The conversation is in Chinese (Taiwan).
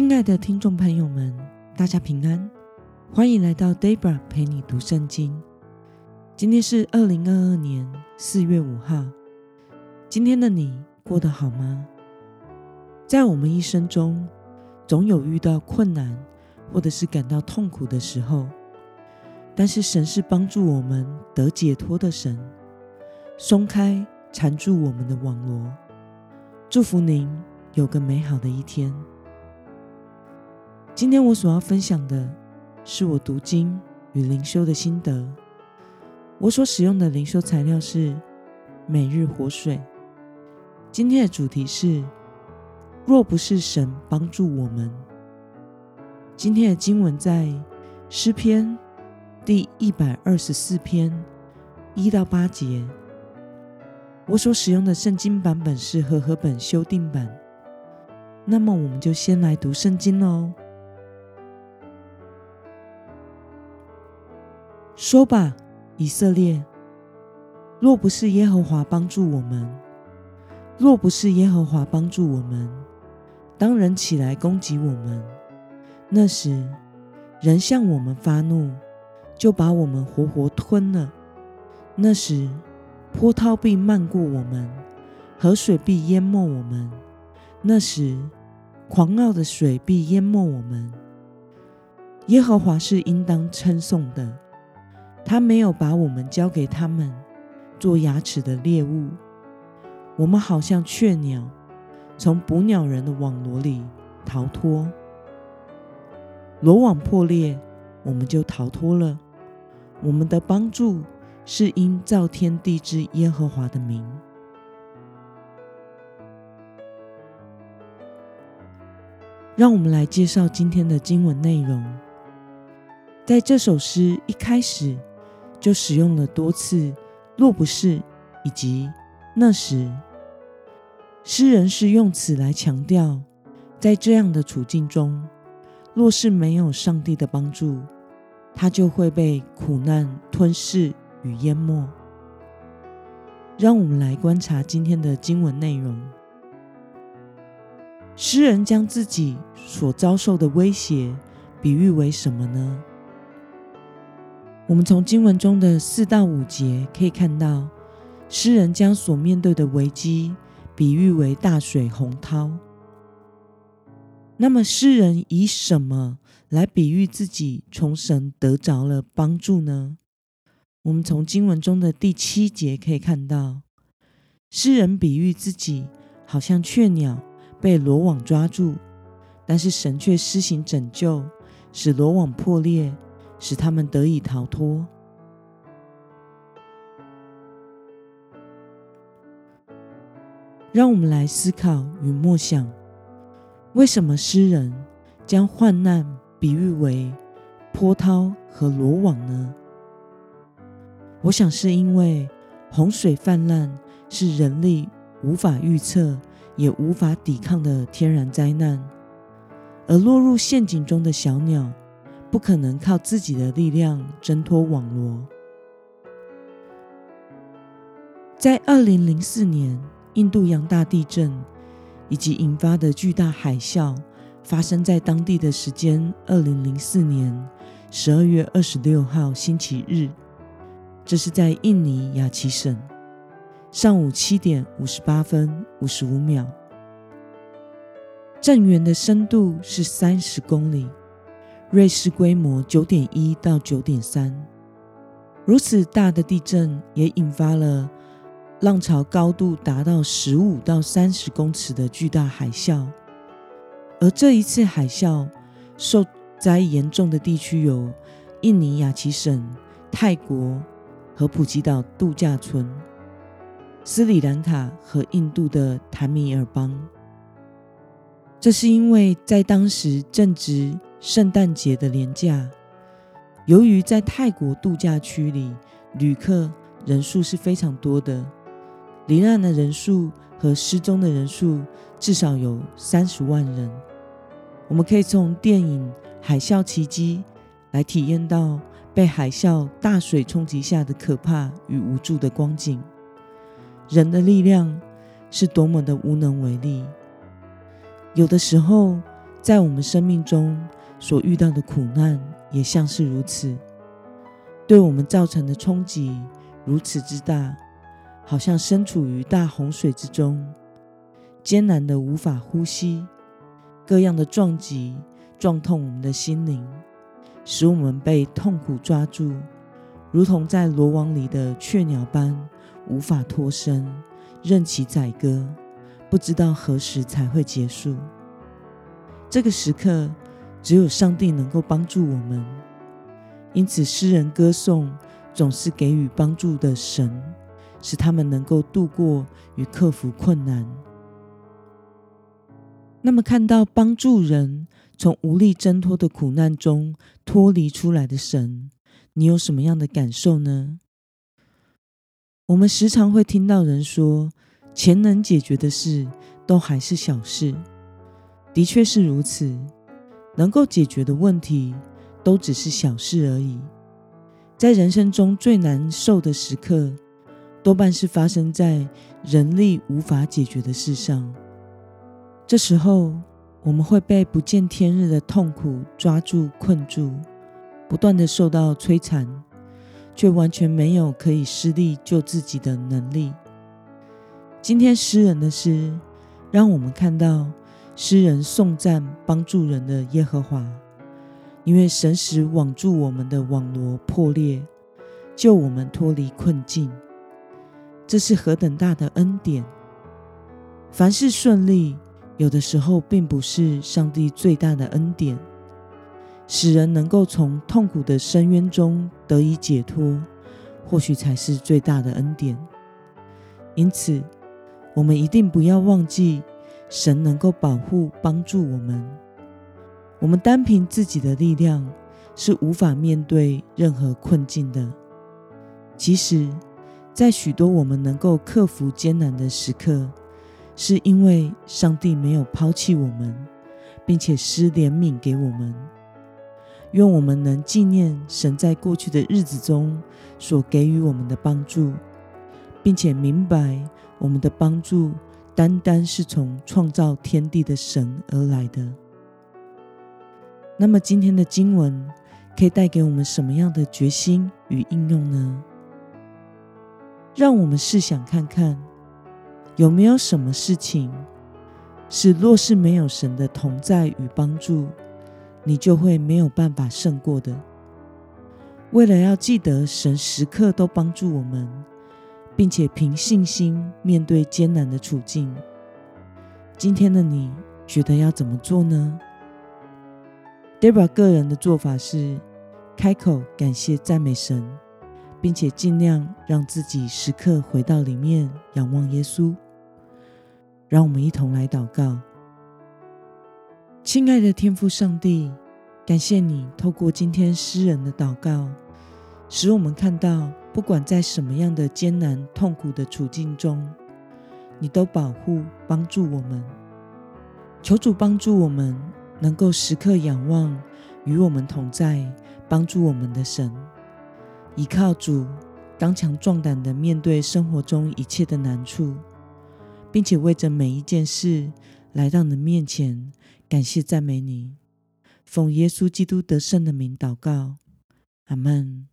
親愛的聽眾朋友們，大家平安，歡迎來到 Deborah 陪你讀聖經。今天是二零二二年四月五號。今天的你過得好嗎？在我們一生中，總有遇到困難或者是感到痛苦的時候，但是神是幫助我們得解脫的神，鬆開纏住我們的網羅。祝福您有個美好的一天。今天我所要分享的是我讀經與靈修的心得。我所使用的靈修材料是《每日活水》。今天的主題是：若不是神幫助我們。今天的經文在詩篇第一百二十四篇一到八節。我所使用的聖經版本是和合本修訂版。那麼，我們就先來讀聖經嘍、哦。說吧，以色列！若不是耶和華幫助我們，若不是耶和華幫助我們，當人起來攻擊我們，那時人向我們發怒，就把我們活活吞了；那時波濤必漫過我們，河水必淹沒我們；那時狂傲的水必淹沒我們。耶和華是應當稱頌的。他沒有把我們交給他們做牙齒的獵物，我們好像雀鳥，從捕鳥人的網羅裡逃脫，羅網破裂，我們就逃脫了。我們的幫助是因造天地之耶和華的名。讓我們來介紹今天的經文內容，在這首詩一開始。就使用了多次“若不是”以及“那時”，詩人是用此來強調，在這樣的處境中，若是沒有上帝的幫助，他就會被苦難吞噬與淹沒。讓我們來觀察今天的經文內容，詩人將自己所遭受的威脅比喻為什麼呢？我們從經文中的四到五節可以看到，詩人將所面對的危機比喻為大水洪濤。那麼，詩人以什麼來比喻自己從神得着了幫助呢？我們從經文中的第七節可以看到，詩人比喻自己好像雀鳥被羅網抓住，但是神卻施行拯救，使羅網破裂。使他們得以逃脫。讓我們來思考與默想：為什麼詩人將患難比喻為波濤和羅網呢？我想是因為洪水氾濫是人力無法預測也無法抵抗的天然災難，而落入陷阱中的小鳥。不可能靠自己的力量掙脫羅網。在二零零四年印度洋大地震以及引發的巨大海嘯發生在當地的時間，二零零四年十二月二十六號星期日，這是在印尼亞齊省上午七點五十八分五十五秒，震源的深度是三十公里。芮氏規模九點一到九點三，如此大的地震也引發了浪潮，高度達到十五到三十公尺的巨大海嘯。而這一次海嘯受災嚴重的地區有印尼亞齊省、泰國和普吉島度假村、斯里蘭卡和印度的坦米爾邦。這是因為在當時正值。聖誕節的連假，由於在泰國度假區裡，旅客人數是非常多的。罹難的人數和失蹤的人數至少有三十萬人。我們可以從電影《海嘯奇蹟》來體驗到被海嘯大水衝擊下的可怕與無助的光景。人的力量是多麼的無能為力。有的時候，在我們生命中，所遇到的苦難也像是如此，對我們造成的衝擊如此之大，好像身處於大洪水之中，艱難的無法呼吸。各樣的撞擊撞痛我們的心靈，使我們被痛苦抓住，如同在羅網裡的雀鳥般無法脫身，任其宰割，不知道何時才會結束。這個時刻，只有上帝能夠幫助我們，因此詩人歌頌總是給予幫助的神，使他們能夠度過與克服困難。那麼，看到幫助人從無力掙脫的苦難中脫離出來的神，你有什麼樣的感受呢？我們時常會聽到人說：“錢能解決的事，都還是小事。”的確，是如此。能夠解決的問題，都只是小事而已。在人生中最難受的時刻，多半是發生在人力無法解決的事上。這時候，我們會被不見天日的痛苦抓住、困住，不斷的受到摧殘，卻完全沒有可以施力救自己的能力。今天詩人的詩，讓我們看到，詩人頌讚幫助人的耶和華，因為神使網住我們的網羅破裂，救我們脫離困境。這是何等大的恩典！凡事順利，有的時候並不是上帝最大的恩典，使人能夠從痛苦的深淵中得以解脫，或許才是最大的恩典。因此，我們一定不要忘記。神能夠保護、幫助我們。我們單憑自己的力量是無法面對任何困境的。其實，在許多我們能夠克服艱難的時刻，是因為上帝沒有拋棄我們，並且施憐憫給我們。願我們能紀念神在過去的日子中所給予我們的幫助，並且明白我們的幫助。單單是從創造天地的神而來的。那麼，今天的經文可以帶給我們什麼樣的決心與應用呢？讓我們試想看看，有沒有什麼事情是若是沒有神的同在與幫助，你就會沒有辦法勝過的。為了要記得神時刻都幫助我們。並且憑信心面對艱難的處境。今天的你覺得要怎麼做呢？Deborah 個人的做法是開口感謝讚美神，並且儘量讓自己時刻回到裡面仰望耶穌。讓我們一同來禱告：親愛的天父上帝，感謝你透過今天詩人的禱告。使我們看到，不管在什麼樣的艱難痛苦的處境中，你都保護幫助我們。求主幫助我們，能夠時刻仰望與我們同在、幫助我們的神，依靠主，剛強壯膽地面對生活中一切的難處，並且為着每一件事來到你面前，感謝讚美你。奉耶穌基督得勝的名禱告，阿們。